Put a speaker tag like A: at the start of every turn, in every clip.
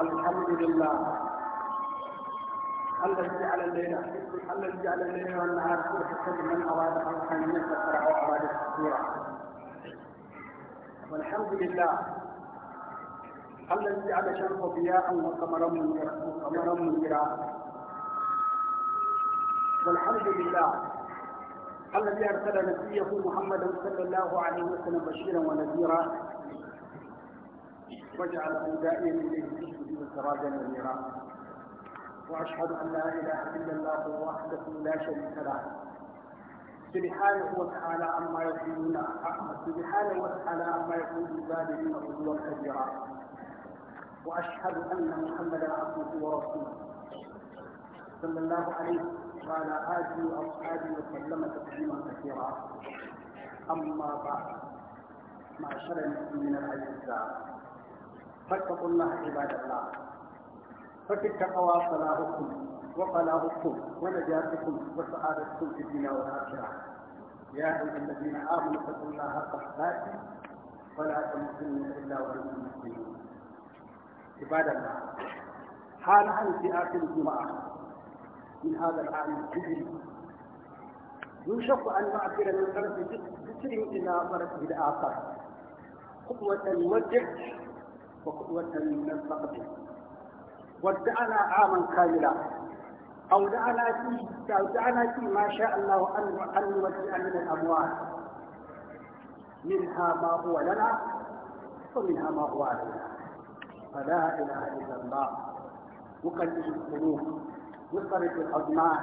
A: الحمد لله الذي جعل الليل الذي جعل الليل والنهار فرحة من أراد خلقا من ذكر أو أراد شكورا والحمد لله الذي جعل الشمس ضياء وقمرا وقمرا منيرا والحمد لله الذي أرسل نبيه محمدا صلى الله عليه وسلم بشيرا ونذيرا وجعله دائما إليه انفرادا ونيرا واشهد ان لا اله الا الله وحده لا شريك له سبحانه وتعالى عما يقولون سبحانه وتعالى عما يقول الظالمين غدوا كبيرا واشهد ان محمدا عبده ورسوله صلى الله عليه وعلى اله واصحابه وسلم تسليما كثيرا اما بعد معشر المسلمين الاعزاء فاتقوا الله عباد الله ففي التقوى صلاحكم وقلاهكم ونجاتكم وسعادتكم في الدنيا والآخرة يا أيها الذين آمنوا اتقوا الله حق ولا تموتن إلا وأنتم مسلمون عباد الله حال عن في آخر الجمعة من هذا العام الهجري يوشك أن نعبر من طرف جسر إلى طرفه الآخر قوة وجه وقوة من الفقد ودعنا عاما كاملا أو دعنا فيه أو دعنا فيه ما شاء الله أن أن نودع من الأموال منها ما هو لنا ومنها ما هو علينا فلا إله إلا الله يقلب القلوب يصرف الأضمان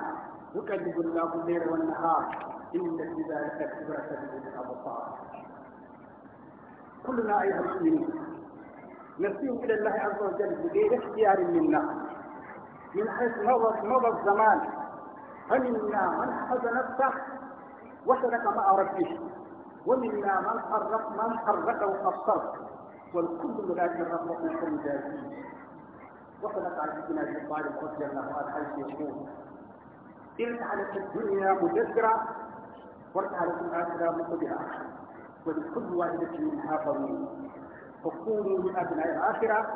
A: نكذب الله الليل والنهار إن في ذلك كبرة الابصار كلنا أيها المسلمين نسيه إلى الله عز وجل بغير اختيار منا من حيث مضى مضى الزمان فمنا من حزن نفسه وسلك مع ربه ومنا من حرك من حرك وقصر والكل ملاك كل كالمجاهدين وصلت على سيدنا ابي طالب رضي الله عنه حيث يقول ارتعلت الدنيا مجزرة وارتعلت الآخرة مقبلة ولكل واحدة منها ضمير تكونوا من أبناء الآخرة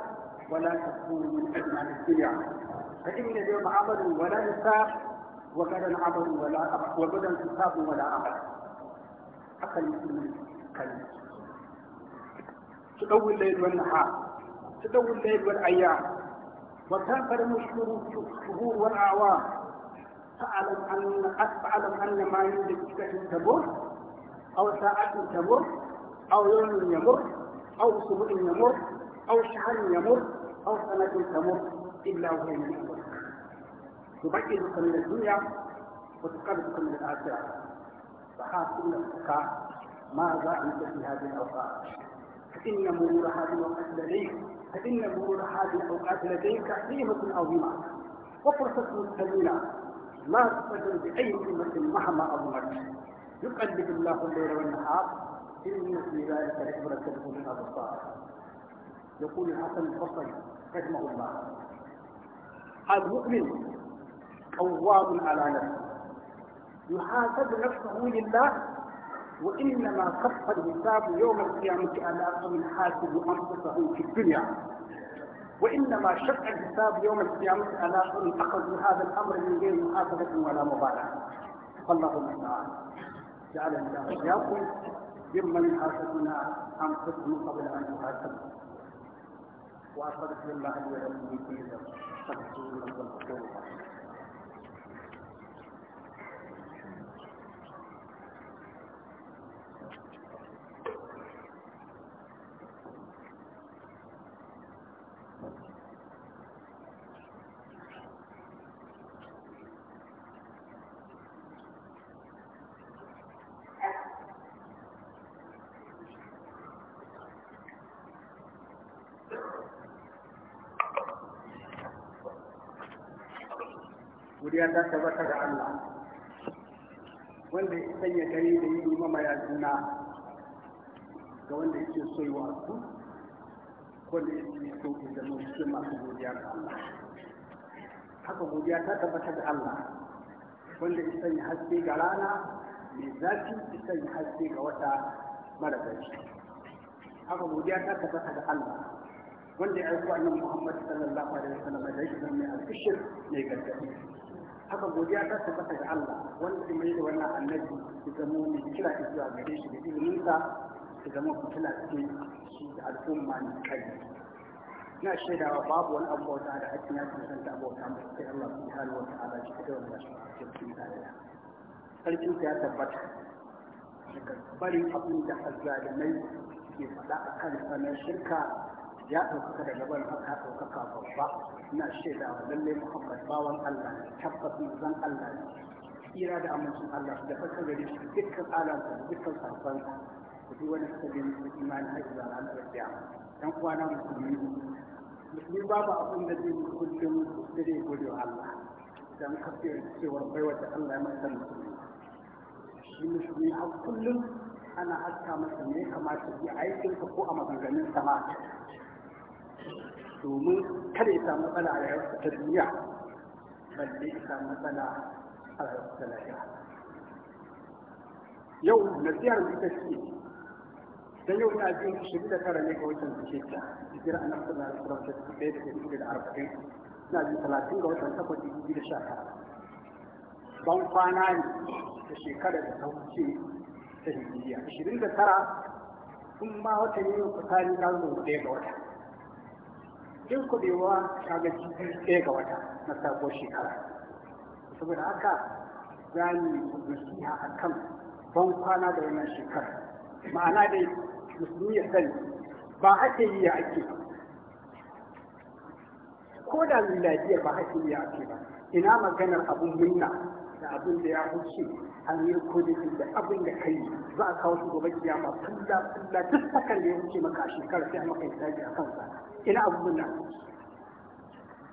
A: ولا تكونوا من أبناء الدنيا فإن اليوم عمل ولا نساء وغدا عمل ولا أبع وغدا حساب ولا أبع حتى المسلمين كلمة تقوي الليل والنهار تقوي الليل والأيام وتنفرم الشهور والأعوام فاعلم أن أعلم أن ما يملك تمر أو ساعة تمر أو يوم يمر أو سبوع يمر أو شعر يمر أو سنة تمر إلا وهي من أمر تبعدك من الدنيا وتقربك من الآخرة فحاصل لك ماذا أنت في هذه الأوقات فإن مرور هذه الأوقات لديك فإن مرور هذه الأوقات لديك قيمة عظيمة وفرصة ثمينة لا تستجل بأي قيمة مهما أظلمت يقلب الله الليل والنهار إن في ذلك لعبرة تكون هذا الصالح يقول الحسن البصري رحمه الله المؤمن قوام على نفسه يحاسب نفسه لله وإنما كف الحساب يوم القيامة على من حاسب أنفسه في الدنيا وإنما شق الحساب يوم القيامة على أن أخذ هذا الأمر من غير محاسبة ولا مبالاة فالله المستعان جعل الله إياكم ذما يحاسبنا انفسهم قبل ان يحاسبوا واصدق بالله ولكم دينكم فاحسبوا من الغفور الرحيم godiya ta tabbata ga Allah wanda ya sanya dare da yi mama ya ga wanda yake so yi wasu ko da yake so ya zama cikin masu godiya ga Allah haka godiya ta tabbata ga Allah wanda ya sanya haske ga rana mai zafi ya sanya haske ga wata mara zafi haka godiya ta tabbata ga Allah wanda ya aiko annabi Muhammad sallallahu alaihi wasallam da yake mai alkishir ne gargadi haka godiya ta tabbata ga Allah wanda ke mai da wannan annabi ya zama mai kira zuwa gare shi da iliminsa ya zama fitila ce shi da al'umma ne kai ina shaidawa babu wani abu bauta da hakkin ya san ta ta mai sai Allah subhanahu wa ta'ala shi da wannan shi cikin tarayya sarkin ya tabbata daga barin abin da azzalimai ke faɗa akan sanar shirka ya ɗaukaka daga barin haka ɗaukaka babba ina shaida wa lalle muhammad bawan allah tabbas zan allah ne tsira da amincin allah da farko gari dukkan alamsa da dukkan sarfansa da duk wani sabin imani a zuwa ranar rabiya dan na musulmi musulmi babu abin da zai kullum dare gode wa allah dan kafin cewar bai wata allah ya masa musulmi shi musulmi a kullum ana haska masa ne kamata ya aikinsa ko a maganganun sama domin kada ya samu matsala a rayuwarsa ta duniya balle ya samu matsala a rayuwarsa ta lafiya yau nasiyar ita ce dan yau ina jin shiri da tara ne ga watan zuciya jira a nan kuma da kuma ta tsaye da kuma da arba'in ina jin talatin ga watan takwas da biyu da sha tara ban kwana ne da shekarar da ta wuce ta hijiriya ashirin da tara kun ma wata ne yau kusa ni na ɗaya ga wata in kuɗewa ta ga cikin ɗaya ga wata na sabuwar shekara saboda haka za mu nasiha a kan ban kwana da wannan shekara ma'ana dai musulmi ya sani ba ake yi ya ake ba ko da miladiyar ba ake yi ya ake ba ina maganar abun murna da abin da ya huce an yi kodin da abin da kai za a kawo shi gobe kiyama fulla fulla duk sakan da ya huce maka a shekarar sai a maka hisabi a kansa ina abubuwan da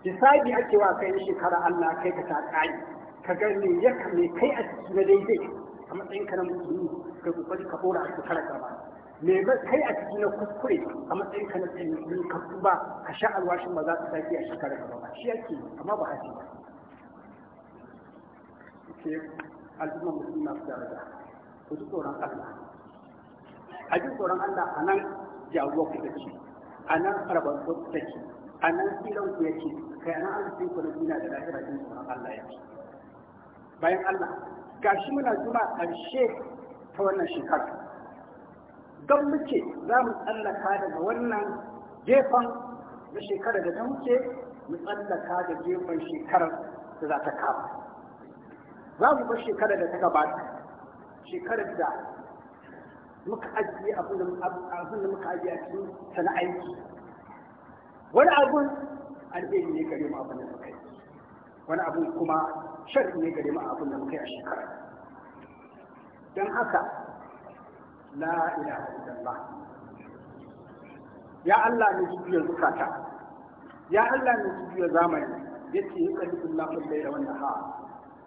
A: hisabi ake wa kai shekara Allah kai ka ta ka gani ya me kai a cikin daidai a matsayin ka na musulmi kai kokari ka dora a shekara ba kai a cikin na kuskure a matsayin ka na musulmi ka ba, ka sha alwashin ba za ka sake a shekara ka ba shi yake amma ba ake ba ke al'umma musulma su daraja ku ji tsoron Allah a ji tsoron Allah a nan jawo ku da a nan harban ku take a nan tsiran ku yake kai nan arzikin ku na da lahira din kuma Allah ya yake bayan Allah ga shi muna zuwa ƙarshe ta wannan shekara don muke za mu tsallaka daga wannan gefen na shekarar da ta muke mu tsallaka da gefen shekarar da za ta kama za mu bar shekarar da ta gabata shekarar da muka ajiye abin da muka ajiye a cikin sana aiki wani abun alheri ne gare mu abin da muka yi wani abun kuma sharri ne gare mu abin da muka yi a shekara don haka la ilaha illallah ya Allah ne jibiyar zukata ya Allah ne jibiyar zamani yace yuqallibullahu al-layla wan nahar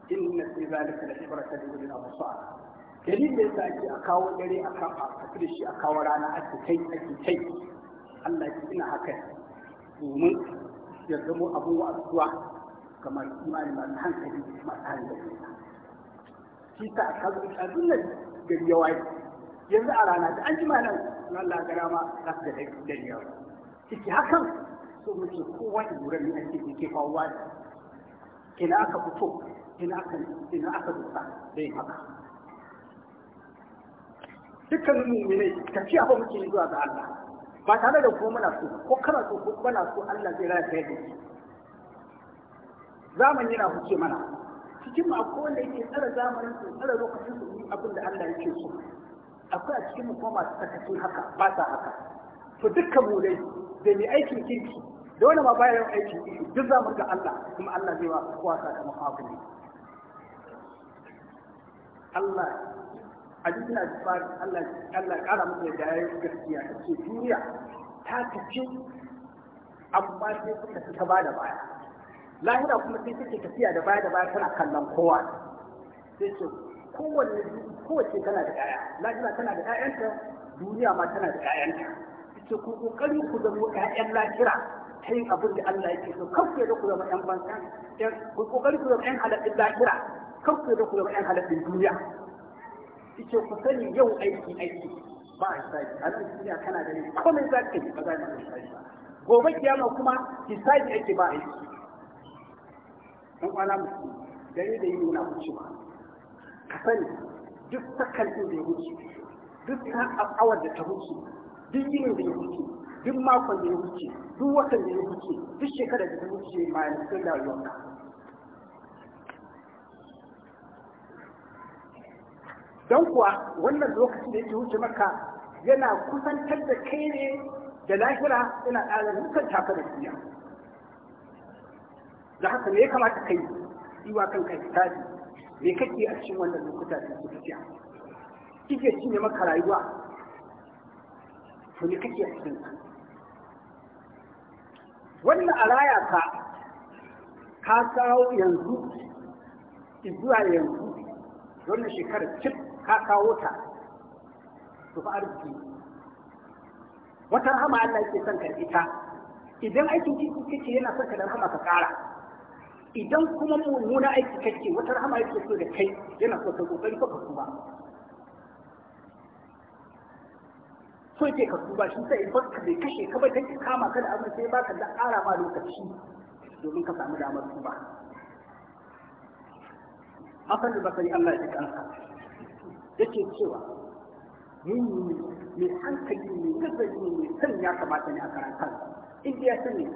A: inna fi zalika la ibratan lil absar dalilin da yasa ake a kawo dare a kan a tafi da shi a kawo rana ake kai ake kai Allah ya ina haka domin ya zamo abun zuwa ga masu imani masu hankali masu hankali shi ta a kazo a dunnan gari ya waye yanzu a rana da an jima nan Allah ya rama ma za su da dare yawa ciki hakan so muke kowa da lura ne ake ke kawo ina aka fito ina aka ina aka da yin haka dukkan mu'minai tafiya ba muke zuwa ga Allah ba tare da kuma muna so ko kana so ko bana so Allah zai raya kai da zamani yana huce mana cikin mu akwai wanda yake tsara zamanin su tsara lokacin su yi abin da Allah yake so akwai a cikin mu kuma masu takatun haka ba sa haka to dukkan mu dai da mai aikin kirki da wani ma baya yin aikin kirki duk za mu ga Allah kuma Allah zai wa kowa da abin Allah hadisin al-bukhari Allah Allah kara masa da yayin gaskiya ce duniya ta tafi amma sai kuma ci ta bada baya lahira kuma sai take tafiya da baya da baya tana kallon kowa sai ce kowanne kowace tana da ƴaƴa lahira tana da ƴaƴanta duniya ma tana da ƴaƴanta ce ku kokari ku zama ƴaƴan lahira ta yin abin da Allah yake so kawai da ku zama ƴan bankan ku kokari ku zama ƴan halattun lahira kawai da ku zama ƴan halattun duniya ce ku sani yau aiki aiki ba a sai a nan duniya kana da ne komai za ka yi ba za ka yi ba. gobe kiyama kuma hisabi ake ba aiki dan kwana musu gare da yi nuna wucewa ka sani duk sakalin da ya wuce duk sa'awar da ta wuce duk yinin da ya wuce duk makon da ya wuce duk watan da ya wuce duk shekarar da ta wuce ma yanzu da rayuwarka don kuwa wannan lokacin da yake wuce maka yana kusantar da kai ne da lahira yana ƙara nukan taka da duniya da haka ne ya kamata kai yi kan kai tafi me kake a cikin wannan lokuta da suke tafiya kike cinye maka rayuwa to ne kake a cikin wannan araya ka ka kawo yanzu zuwa yanzu wannan shekarar cik. ka kawo ta su fi arziki wata rahama Allah yake son karɓi ta idan aikin ciki kake yana son ka da rahama ka ƙara idan kuma mummuna aiki kake wata rahama yake so da kai yana so ka kokari ka kuma so yake ka kuma shi sai ba ka bai kashe ka bai kake kama ka da abin sai ba ka da ƙara ma lokaci domin ka samu damar kuma. Hasan da basari Allah ya ji kansa. yake cewa mun mai hankali mai nazari mai san ya kamata ne a karanta inda ya sani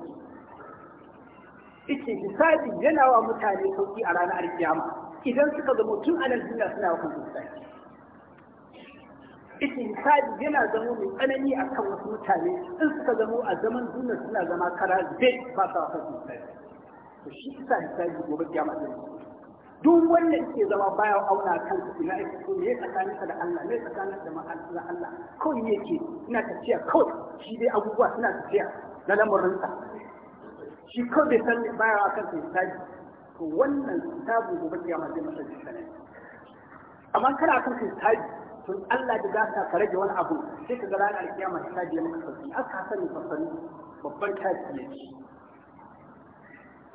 A: ita hisabi yana wa mutane sauki a ranar alkiyama idan suka zama tun a nan duniya suna wa kansu hisabi ita hisabi yana zama mai tsanani a kan wasu mutane in suka zama a zaman duniya suna zama kara zai fasa wa kansu hisabi to shi isa hisabi gobe kiyama zai duk wanda yake zama baya auna kansa ina yake ko me tsakaninsa da Allah me tsakaninsa da mahallin Allah kawai ne yake ina tafiya kawai shi dai abubuwa suna tafiya na lamarinsa shi kawai bai san baya a kansa hisabi to wannan hisabi gobe kiyama zai masa hisabi amma kana kan hisabi to Allah da gasa ka rage wani abu sai ka ga ranar kiyama hisabi ya maka sauki aka sani fasali babban tafiya ce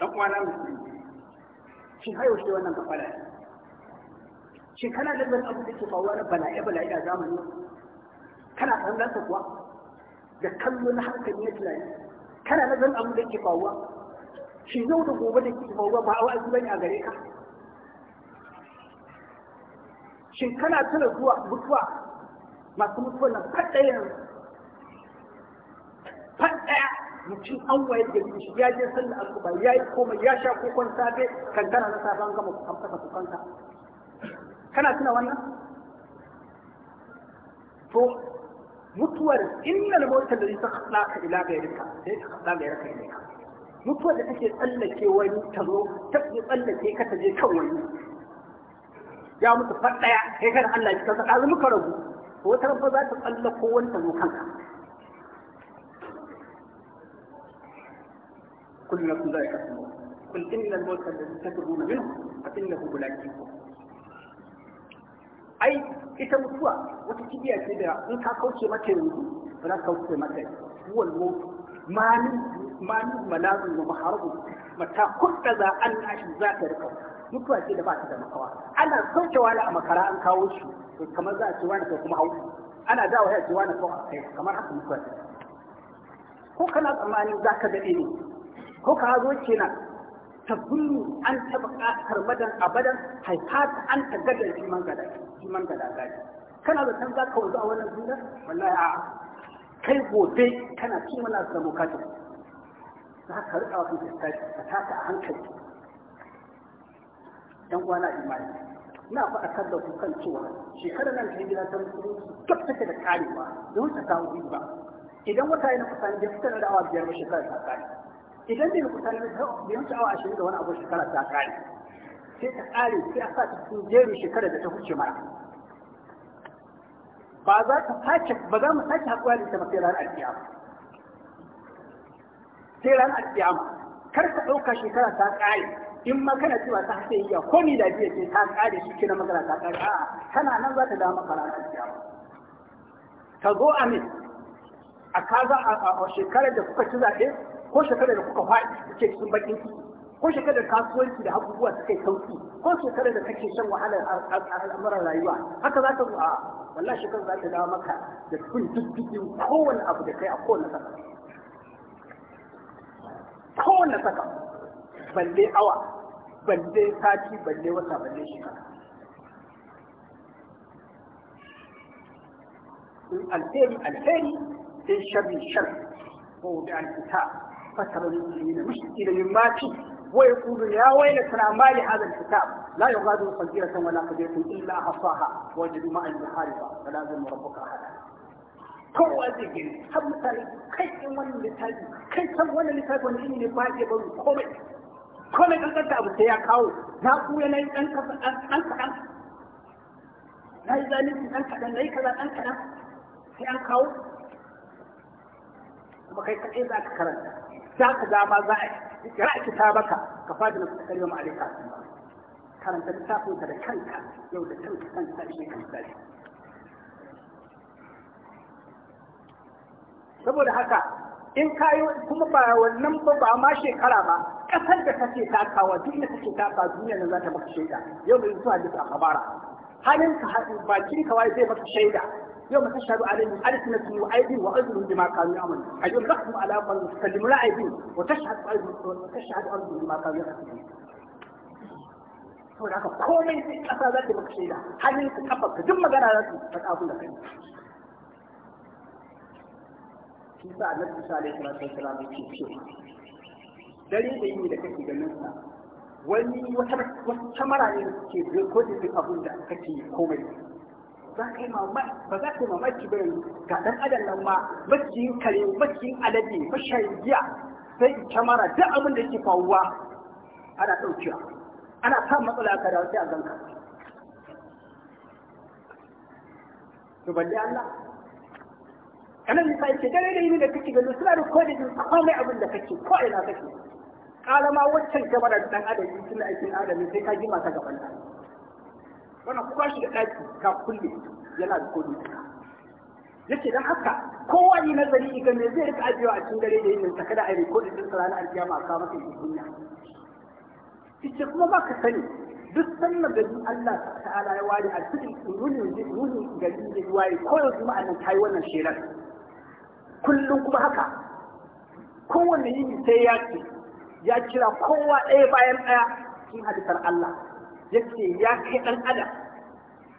A: dan uwana musulmi Shin har yaushe wannan kafara ne shi kana da zan abu da ke faruwa na bala'i bala'i a zamani kana kallon sa kuwa da kallo na hankali na tunani kana da zan abu da ke faruwa Shin yau da gobe da ke faruwa ba a wa'azi bane a gare ka shin kana tuna zuwa mutuwa masu mutuwa nan kaɗai yanzu mutum an waye da shi ya je sallar asuba ya yi komai ya sha kokon safe kankana na safe an gama ku hamsaka kukanka kana tuna wannan to mutuwar innal mautal ladhi taqaddaka ila ghayrika sai ka kada ghayrika ilaika mutuwar da take tsallake wani ta zo ta tsallake ka ta je kan wani ya mutu fa daya kai kada Allah ki ya tsaka muka rabu to wata rabba za ta tsallako wani ta zo kanka كل نفس ذائقة الموت قل إن الموت الذي تكبرون منه فإنه ملاقيكم ai ita mutuwa wata kibiya ce da in ka kauce mata yanzu kauce mata wal mautu malin malin malazu wa maharabu mata kudda za an nashi za mutuwa ce da ba ta da makawa ana kaucewa da a makara an kawo shi kamar za a ce ko kuma hau ana dawo a kai kamar haka mutuwa ko kana tsammanin za ka daɗe ne ko ka zo kenan ta gullu an taɓa ƙasar madan abadan haifata an ta gadan jiman gada gadi kana da san za ka wuzu a wannan duniya wallahi a kai gobe kana cin mana da za ka rika wa kanka ka taka a hankali dan uwana imani ina faɗakar da kukan kan cewa shekarar nan ta yi gida ta musulunci duk take da karewa don ta kawo ba idan wata yana kusa da fitar da awa biyar ba shekarar ta kare idan bai kusan bai wuce awa ashirin da wani abu shekara ta kare sai ta kare sai a sa ta cikin jerin shekara da ta huce mara. ba za ta sake ba za mu sake haƙuwa da ita ba sai ranar alƙiyama sai ranar alƙiyama kar ka ɗauka shekara ta kare in ma kana cewa ta hace iya ko ni da biya ce ta kare shi kina magana ta kare a'a kana nan za ta dama maka ranar alƙiyama ka zo a min a kaza a shekarar da kuka ci zaɓe ko shekarar da kuka faɗi kuke cikin bakin ciki ko shekarar kasuwanci da abubuwa suka yi sauki ko shekarar da kake shan wahalar al'amuran rayuwa haka za ta zuwa wallahi shekarar za ta dawo maka da kun diddigin kowane abu da kai a kowane saka kowane saka balle awa balle sati balle wata balle shekara الخير الخير في شر الشر موضع الكتاب فكر المسلمين مشكلة إلى يمات ويقول يا ويلتنا ما لهذا الكتاب لا يغادر صغيرة ولا كبيرة إلا أحصاها وجدوا ماء المحارفة فلازم ربك أحدها كو أزيجين هم مثالي كيف يمون المثال كيف يمون المثال كون إني نباجي بل كومي كومي قلت أنت أبو سياكاو ناقو يناي أنك أنك أنك نايزاني أنك أنك أنك أنك سياكاو وما كيف تقيد أكثر أنك ta ka dama za a kira kitabaka ka fadi na kusa karyar ba. karanta littafinka da kanka yau da kanka kanka shi kan tsari saboda haka in ka kayi kuma ba wannan ba ba ma shekara ba ƙasar da kake takawa duk da kake taka duniya nan za ta maka shaida yau mai zuwa duk a kabara halin ka bakin ka wai zai maka shaida يوم تشهد عليهم ألسنتهم وأيدهم وأذنهم بما كانوا يعملون أي يلقحوا على قلبهم تكلموا لا أيدهم وتشهد أيدهم وتشهد أرضهم بما كانوا يعملون كومين في أسادات مكشيلة هل يتحقق ثم قال على ذلك فتأبون لك كيف أن نبي صلى الله عليه وسلم dare da yi da kake ganin sa wani wata wata mara ne ke zai kodin duk abin da kake komai za ka yi mamaki ba za ku mamaki ba ga dan adam nan ma maciyin kare maciyin alade mashayin giya sai in kyamara duk abin da ke faruwa ana ɗaukewa ana kan matsala ka da wata a zanka to balle Allah kanan nisa yake dare da yini da kake gani suna da kodin a komai abin da kake ko ina kake kalama waccan kyamara da dan adam tun da aikin adam sai ka gima ta gaban ta wannan kuka shi da ɗaki ka kulle yana da kodi duka yake dan haka kowa ne nazari ga me zai rika ajiyewa a cikin dare da yin ta, kada a yi kodi din ranar alkiyama a kawo masa duniya kike kuma ba ka sani duk sannan gari Allah ta'ala ya ware a cikin ruhin ruhin gari da waye koyo ma nan kai wannan shirar. kullum kuma haka kowanne yini sai ya ce ya kira kowa ɗaya bayan ɗaya cikin hadisar Allah yake ya kai ɗan adam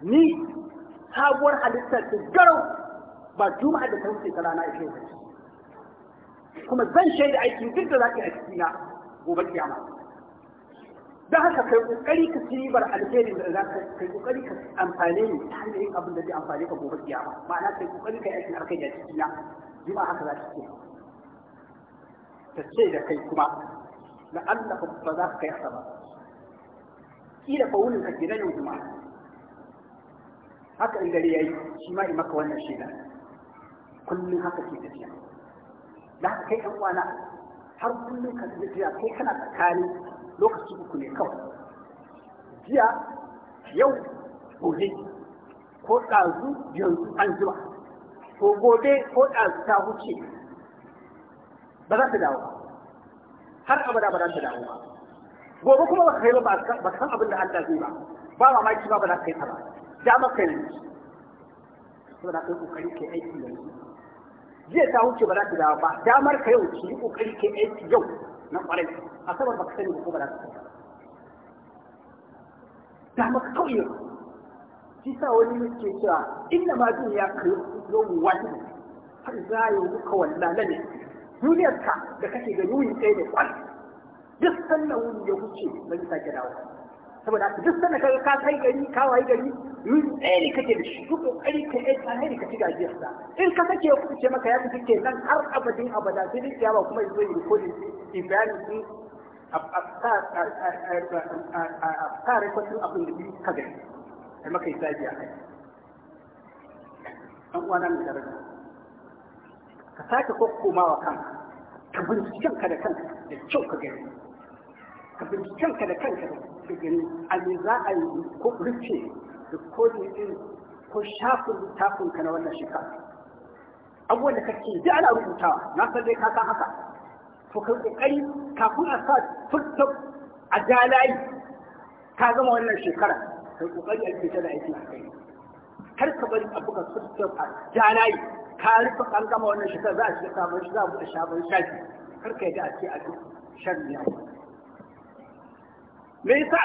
A: ni sabuwar halittar ta garau ba juma'a da ta ta rana ishe ta kuma zan shaida aikin duk da zaki a cikina gobe kiyama don haka kai kokari ka ci ribar alherin da zaka kai kokari ka amfane ni ta hanyar yin abin da zai amfane ka gobe kiyama ma'ana kai kokari ka yi aikin harkar da cikina juma'a haka za ta ce ta ce da kai kuma la'allaka ba za ka kai ba kila fa wurin ka gidan yau juma'a haka in gari yi shi ma in maka wannan shaida kullum haka ke tafiya da haka kai ɗan uwana har kullum ka tafi tafiya kai kana tsakanin lokaci uku ne kawai jiya yau gobe ko ɗazu yanzu an zuba ko gobe ko ɗazu ta huce ba za ta dawo har abada ba za ta dawo ba gobe kuma ba ka kai ba ba san abin da Allah zai ba ba mamaki ba ba za ka kai ta ba dama ka yi to da kai kokari kai aiki yanzu jiya ta wuce ba za ta dawo ba damar ka yau ki yi kokari kai aiki yau na kwarai a saboda baka sani ko ba za ta dawo damar ka kawai yau shi sa wani yake cewa inna ma duniya ka yi yau wani har za yi muka wallala ne duniyarka da kake gani yuyin tsaye ne kwarai duk sannan wuni ya wuce ba zai sake dawo saboda duk sannan ka ka kai gari ka wayi gari ɗaya ne kake da shi kokari ka yi tsanani ka ci gajiyarsa in ka sake ya kuce maka ya tafi ke nan har abadin abada sai dai ciyawa kuma ya yanzu yi rikodin ibrahim sun a sa rikodin abin da biyu ka gani da maka yi tsaji a kai an uwana mai daraja ka sake kokkomawa kanka ka binciken ka da kanka da kyau ka gani ka binciki kanka da kanka da gani a za a yi ko rikice recording din ko shafin littafin ka na wannan shekara abubuwan da kake da ana rubutawa na san dai ka san haka to kai kokari kafin a sa fulta a jalayi ka gama wannan shekara kai kokari a fita da aiki a kai kar ka bari a buga fulta a jalayi ka rufe an gama wannan shekara za a shiga sabon shi za a buɗe sabon shafi kar ka yi da a ce a duk shan ne me yasa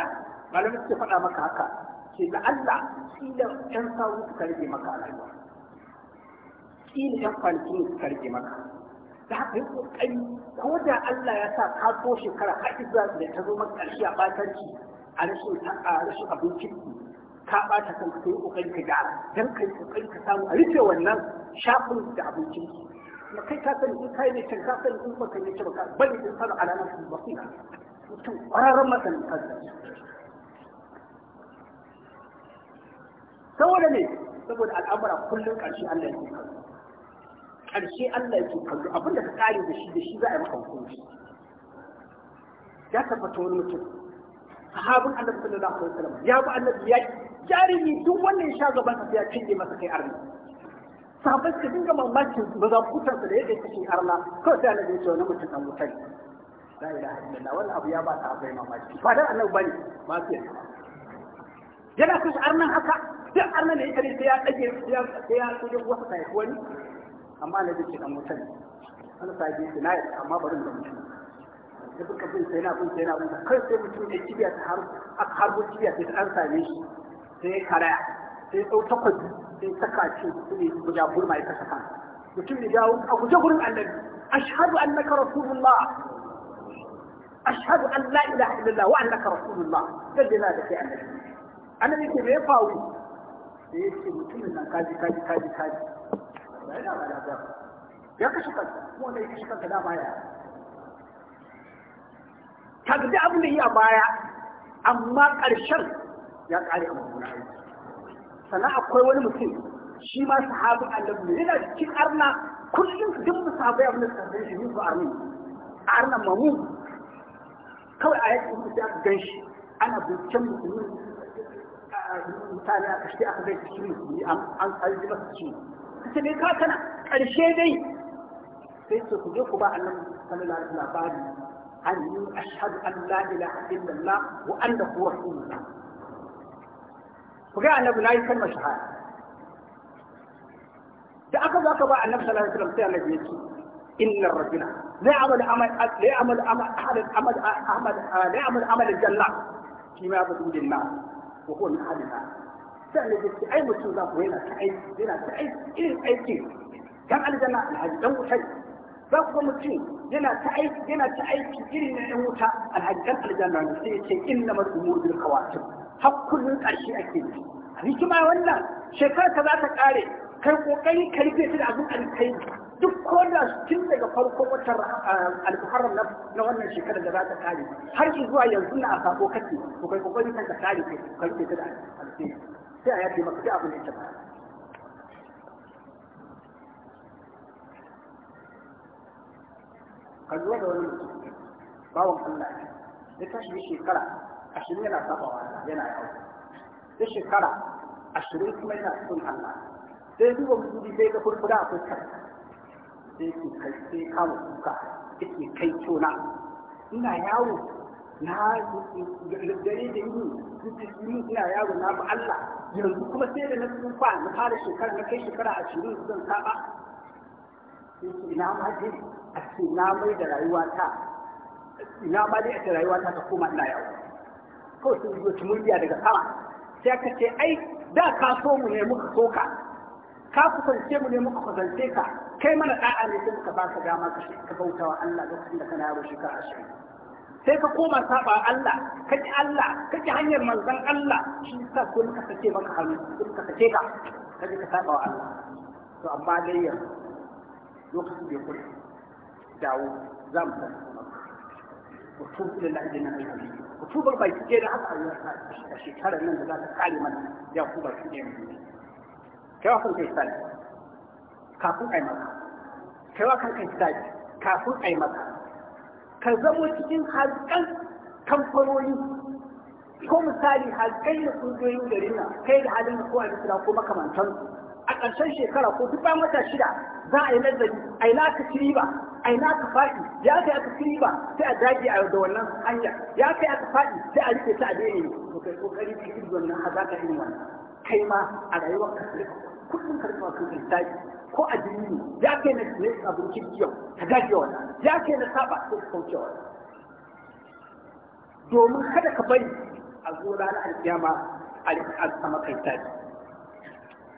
A: malamai suke faɗa maka haka ce da Allah kila ɗan sawu suka rage maka a rayuwa kila ɗan kwanaki suka rage maka da haka yi ƙoƙari, ko da Allah ya sa ka so shekara a izza da ta zo maka ƙarshe a ɓatanci a rashin abincin ku. ka ɓata kan ka yi ƙoƙari ka gyara don ka yi ƙoƙari ka samu a rufe wannan shafin da abincin ku. kuma kai ka sani in kai ne can ka sani in baka ne can ba bari in sana alamun basira mutum ƙwararren masanin kansa saboda ne saboda al'amura kullum ƙarshe Allah yake kallo ƙarshe Allah yake kallo abin da ka kare da shi da shi za a yi maka hukunci ya tabbata wani mutum sahabin annabi sallallahu alaihi wasallam ya bi annabi ya jarumi duk wanda ya sha gaban sa ya cinye masa kai arna sahabbai suka dinga mamakin mazakutansa da yadda yake arna kawai sai annabi ya ce wani mutum an mutane la ilaha illallah wannan abu ya ba ta abai mamaki ba dan annabi bane ma su yana kashe arnan haka تعرنا نعيش الحياة أجل الحياة الحياة تجوا وقتها يكون أما أنا جبت كم وصل أنا طايب في نايل أما برد من شو يبقى كبير سينا بون سينا بون كل سينا بون سينا تبيع تحارب أكحارب تبيع تسأل سايش سين خلاع سين أو تقد سين تكاد شو سين بجابور ما يتسكان وكم نجاو أو جبر النبي أشهد أنك رسول الله أشهد أن لا إله إلا الله وأنك رسول الله قل لا لك يا أنا أنا ليس بيفاوي da ya ce mutumin nan kaji kaji kaji kaji ba yana ba da ya kashe kansa kuma wanda ya kashe kansa da baya ka ga abin da yi a baya amma ƙarshen ya ƙare a mummuna aiki sannan akwai wani mutum shi ma sahabin annabi ne yana cikin arna kullum duk musabai abin da suka san shi ne su arni arna mamu kawai a yankin su ya aka gan shi ana binciken musulmi mutane a kashe aka bai su yi an aljima su ci kace ne ka kana karshe dai sai su ku je ku ba annabi sallallahu alaihi labari an yi ashhadu an la ilaha illallah wa annahu rasulullah ku ga annabi nayi kalmar shahada da aka zo aka ba annabi sallallahu alaihi wasallam sai annabi ya ce innar rajula la ya'mal amal la ya'mal amal ahad amal ahmad la ya'mal amal al-jannah fima yabdu lin-nas Ko huwa min ahliha sai ne ce ai mutum za ku yana ta aiki yana ta aiki irin aiki dan aljanna alhaji dan wuta za ku ga mutum yana ta aiki yana ta aiki irin na yan wuta alhaji dan aljanna ne sai ya ce inna masumur bil khawatim har kullun karshe ake yi hikima wannan shekara ta za ta kare kai kokari karfe ta da abin alkai duk ko da tun daga farko watan alfaharar na wannan shekarar da za ta kare har zuwa yanzu na a sako kake ko kai kokari kanka kare kai kai ke da alheri sai a yafe maka duk abin da ya ba ka zuwa da wani mutum bawan Allah ya tashi da shekara ashirin yana sabawa yana yawo da shekara ashirin kuma yana cikin Allah sai duba mutum sai ga furfura a fuskar sai ke kai sai kama kuka yake kai tona ina yawo na dare da yi ina yawo na ba Allah yanzu kuma sai da na tsufa na fara shekara na kai shekara ashirin zan saba ina ma dai a ce na mai da rayuwa ta ina ma dai a ce rayuwa ta ta koma ina yawo kawai sun zo kimiyya daga sama sai aka ce ai da ka so mu ne muka so ka ka kusance mu ne muka kusance ka kai mana da'a ne sai muka baka dama ka bauta wa Allah lokacin da kana yaro shekara ashirin sai ka koma saba Allah ka ji Allah ka ji hanyar manzon Allah shi sa ko muka sace maka hannu ko muka sace ka ka ji ka saba wa Allah to amma dai yanzu lokacin da ya kula dawo za mu san وتوب الى الله جنة الحبيب وتوب الله يتجير على الشيء هذا من ذات قال من يا توب الحبيب كيف كنت يستنى kafin a yi maka kaiwa kan kan kitabi kafin a yi maka ka zamo cikin haƙƙan kamfanoni ko misali haƙƙai da kungiyoyin garin nan kai da halin ko a misira ko makamantan a ƙarshen shekara ko duk bayan wata shida za a yi nazari a yi naka riba a yi naka faɗi ya kai aka riba sai a dage a da wannan hanya ya kai aka faɗi sai a rike ta a daina to kai kokari cikin wannan hazaka irin wannan kai ma a rayuwar ka kullum ka rika kan kai ko a jini ya kai na tsaye abin kirkiyar ka gaje wannan ya kai na saba ko kauce wannan domin kada ka bari a zo ranar alkiyama alkama kai tafi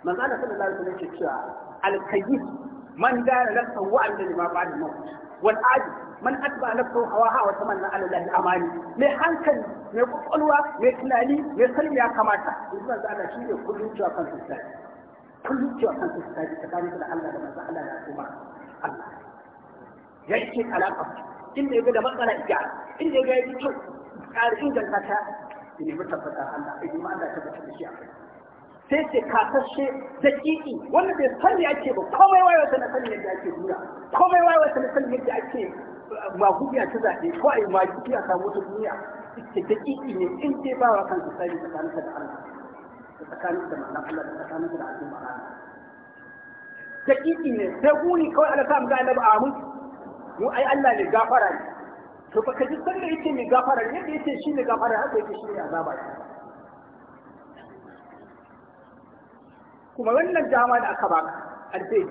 A: manzo Allah sallallahu alaihi wasallam ce cewa alkayyis man dara nafsa wa amila lima ba'da maut wal ajib man atba hawa hawaha wa tamanna ala allahi amani Me hankali me kwakwalwa me tunani me sanin ya kamata yanzu manzo Allah shi ne kudin cewa kan sai kullum cewa kan su tsaki tsakanin da Allah da manzo Allah da kuma Allah yake alaka inda yaga da matsala iya inda yaga yayi kyau ƙarin inganta ta ne mu tabbata Allah ai kuma Allah ta tabbata shi kai. sai ce kasashe da kiki wanda bai sani ake ba komai wayo sana sani yadda ake hura komai wayo sana sani yadda ake magudiya ta zaɓe ko a yi magudiya samu ta duniya ita da kiki ne in dai ba wa kansa sani tsakanin da Allah da tsakanin da manzon Allah da tsakanin da al'umma ta kiki ne ta guni kawai ana samu ga annabi a mun mu ai Allah ne gafara ne to fa ji sanda yake mai gafara ne yadda yake shi ne gafara haka yake shi ne azaba ne kuma wannan dama da aka baka alfai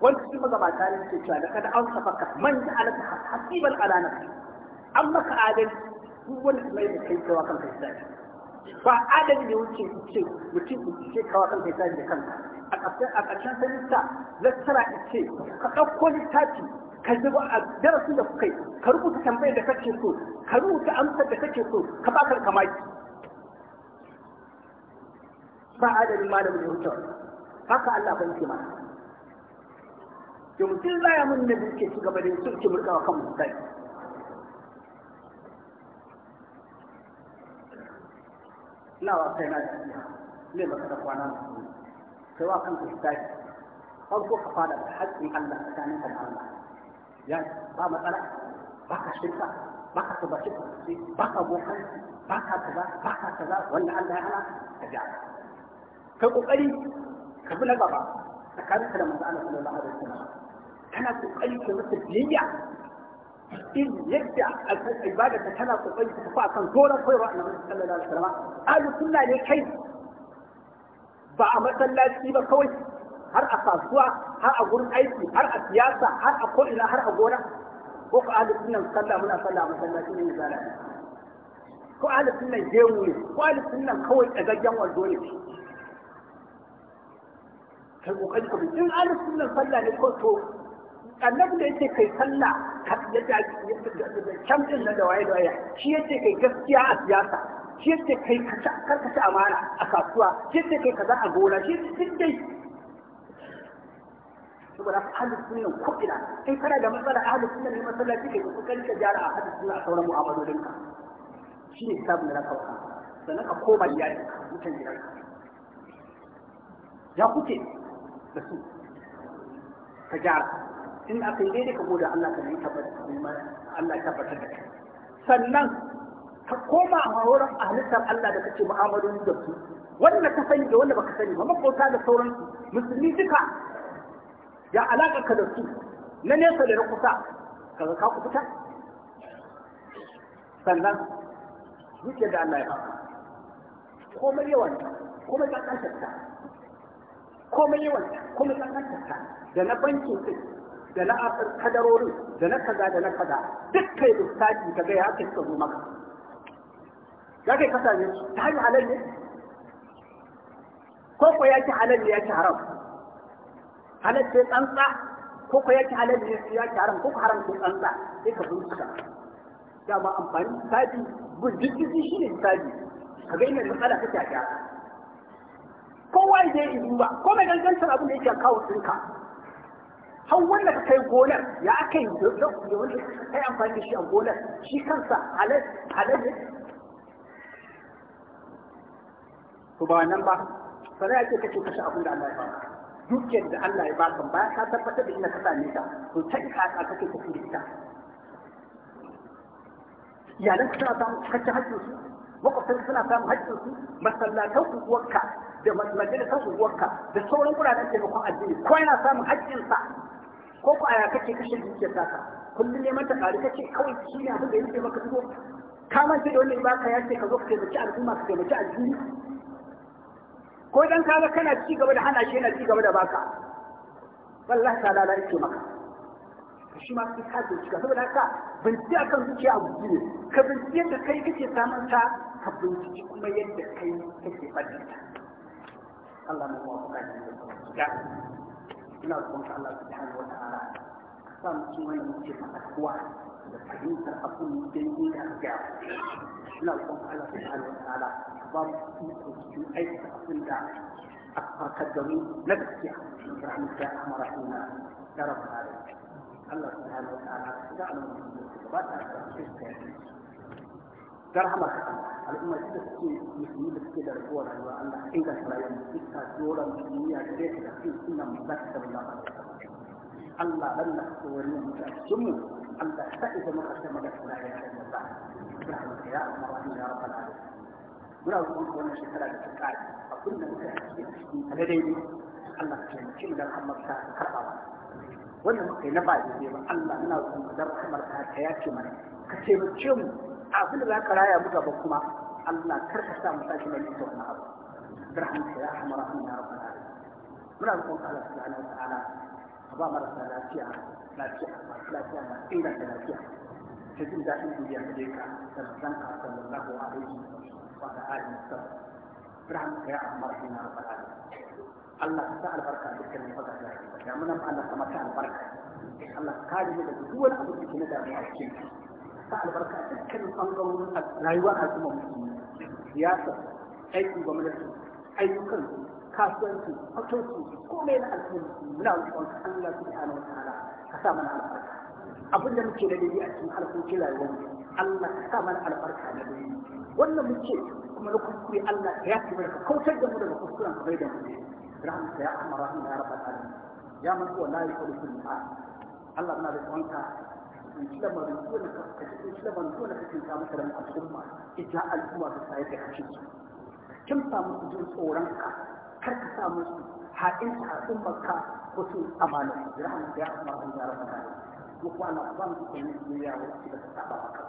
A: wani cikin magabata ne ke cewa da kada an safaka man da alaka hasiban alanar an maka adalci duk wani mai da kai cewa kan kai zai ba adadi ne wuce ce mutum ce kawo kan kai tashi da kanka a ƙarshen sanista lattara ce ka ɗauko littafi ka zuba a darasin da kuka yi ka rubuta tambayar da kake so ka rubuta amsar da kake so ka ba kanka maki ba adadin malamin ya wuce haka Allah ban ce mana yanzu ya mun nabi ke ci gaba da yin sulki murkawa kan mutane لا وصينا لما تتقوانا المسلمين سواء كنت تحتاج أو كنت طالب حد محل ثاني قد عمل يعني قام طلع بقى الشركة بقى تبا شركة بقى بوحن بقى تبا بقى تبا ولا عندها أنا أجعل كقبلي قبل بابا تكلمت لما سألت الله عليه وسلم أنا كقبلي كمثل ليا in yadda ibada ta tana kokari ta tafi akan koran koyarwa annabi sallallahu alaihi wasallam ahli sunna ne kai ba a masallaci ba kawai har a kasuwa har a gurin aiki har a siyasa har a ko'ina har a gona ko ka ahli sunna sallah muna sallah masallaci ne misali ko ahli sunna gemu ne ko ahli sunna kawai tsagaggen wando ne kai kokari ka bi in ahli sunna sallah ne ko to annabi da yake kai sallah yadda da din na da waye da waye shi yake kai gaskiya a siyasa shi yake kai karkace amana a kasuwa shi yake kai kaza a gona shi yake duk dai saboda ahlus sunna ko ina kai kana da matsala ahlus sunna ne masallaci kai ko kai ka jara ahlus sunna a sauran mu'amalolinka shi ne kitabun da na kawo sannan ka koma iyali mutan gidan. ya kuke da su ka gyara in aka yi daidai ka da Allah ka yi Allah ya tabbatar da kai sannan ka koma a wurin halittar Allah da kake mu'amaloli da su wanda ka sani da wanda baka sani ba makota da sauransu musulmi duka ya alaka ka da su na nesa da na kusa kaga ka fita? sannan zuciyar da Allah ya baka komai yawan komai kankantar ta komai yawan komai kankantar ta da na bankin sai. da na kadarorin da na kaza da na kaza duk kai lissafi ka ga ya ake suka zo maka za ka yi kasa ne ta hanyar halal ne ko ko ya ci halal ne ya ci haram halal sai tsantsa ko ko ya ci halal ne ya ci haram ko ko haram sai tsantsa sai ka bincika ba amfani lissafi bin diddigi shi ne lissafi ka ga ina matsala kake kyakkyawa kowa ya je ya duba ko mai gangancin abin da yake kawo ɗinka har wanda ka kai gonar ya aka yi da wanda kai amfani da shi a gonar shi kansa halal halal ne to ba nan ba sai ake kace kashe abin da Allah ya baka dukiyar da Allah ya baka ba ka tabbatar da ina ka same ta to ta ika ka kake tafi da ita iyalan ka suna samun cikakken haƙƙin su makwabtan suna samun haƙƙin su masallatan unguwarka da majalisar unguwarka da sauran guraren taimakon addini ko yana samun haƙƙinsa ko ko aya kake kashe dukiyar taka kullum neman ta kare kace kawai shi ne abin da yake maka dubo ka mance da wannan baka ya ce ka zo ka taimaki al'umma ka taimaki addini ko dan kaga kana ci gaba da hana shi yana ci gaba da baka wallahi ta la yake maka shi ma sai ka doki gaba saboda haka binci akan zuciya abu ne ka binci yadda kai kake samun ta ka binci kuma yadda kai kake fadin ta Allah mu mawa ka ina roƙon ka Allah subhanahu wa ta'ala san sa mu mutum wannan kuwa da fahimtar abin da yake da gaba ina roƙon ka Allah subhanahu wa ta'ala ba mu iko cikin aikata abin da aka farkar da mu na gaskiya rahmatullahi ya amara ina da rabbana Allah subhanahu wa ta'ala ka sa da cikin gaba da da al'umma shi da suke musulmi da suke da rasuwar rayuwa Allah inda ta rayuwa duka doron duniya da Allah dan wani mu Allah ta isa ya Allah ya muna zuwa wannan shekara da ta abin da muka yi daidai Allah ta mu ta karba wannan na ba ba Allah zuwa da rahmar ta mana ka taimake mu abin da za ka raya muka ba kuma Allah kar ka sa mu sake mai ita wannan abu birhamka ya rahama rahama ya rabbal alamin muna roƙon Allah subhanahu wa ta'ala ka ba marasa lafiya lafiya lafiya na inganta lafiya ta jin daɗin duniya da dai ka da zan ka sallallahu alaihi wa alihi wa sallam birhamka ya rahama rahama ya rabbal alamin Allah ka sa albarka dukkan ne faɗa da muna Allah ka maka albarka Allah ka ji da daga duk wani abu da ke na damuwa cikin sa albarka dukkanin ɓangarorin rayuwar al'ummar musulmi siyasa aikin gwamnati ayyukan kasuwanci hotonsu komai na al'ummar musulmi muna ka sa mana albarka abin da muke da a cikin harkokin rayuwar Allah ka sa mana albarka na daidai wannan muke kuma na kuskure Allah ya yafi mana kautar da mu daga kuskuren ka da mu rahmata ya amara rahmata ya ya man huwa Allah muna da tsanka fahimci lamarin dole ka fahimci lamarin dole ka kinta masa da al'umma idan al'umma ta sai da kake su kin samu su jin tsoron ka kar ka sa musu haɗin ta al'umma ka ko su amana rahama ya amma ban da rahama ko ko Allah ban ku kai ne ya wuce da saba ka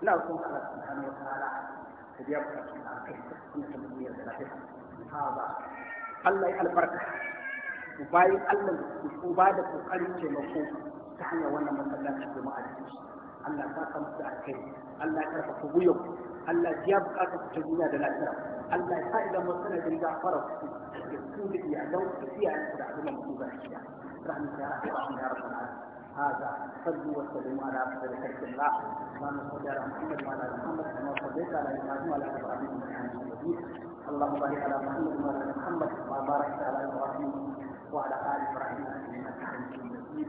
A: ina son Allah subhanahu wa ta'ala ka biya bukatun da kai kuma ta mu yarda da haka Allah ya albarka bayi Allah ku ba da kokarin taimako ta hanyar wannan masallacin jama'a da shi Allah ta ka musu alkai Allah ya karfafa wuyan Allah ya bukata ta duniya da lafiya Allah ya sa idan mun sanar da riga fara su da su da iyalan su iyayen da abin da mutum zai shiga rahmatu ya rahmatu ya rahmatu هذا صلوا وسلموا على افضل خلق الله اللهم صل على محمد وعلى ال محمد كما صليت على ابراهيم وعلى ال ابراهيم انك حميد مجيد اللهم بارك على محمد وعلى ال محمد وبارك على ابراهيم وعلى ال ابراهيم انك حميد مجيد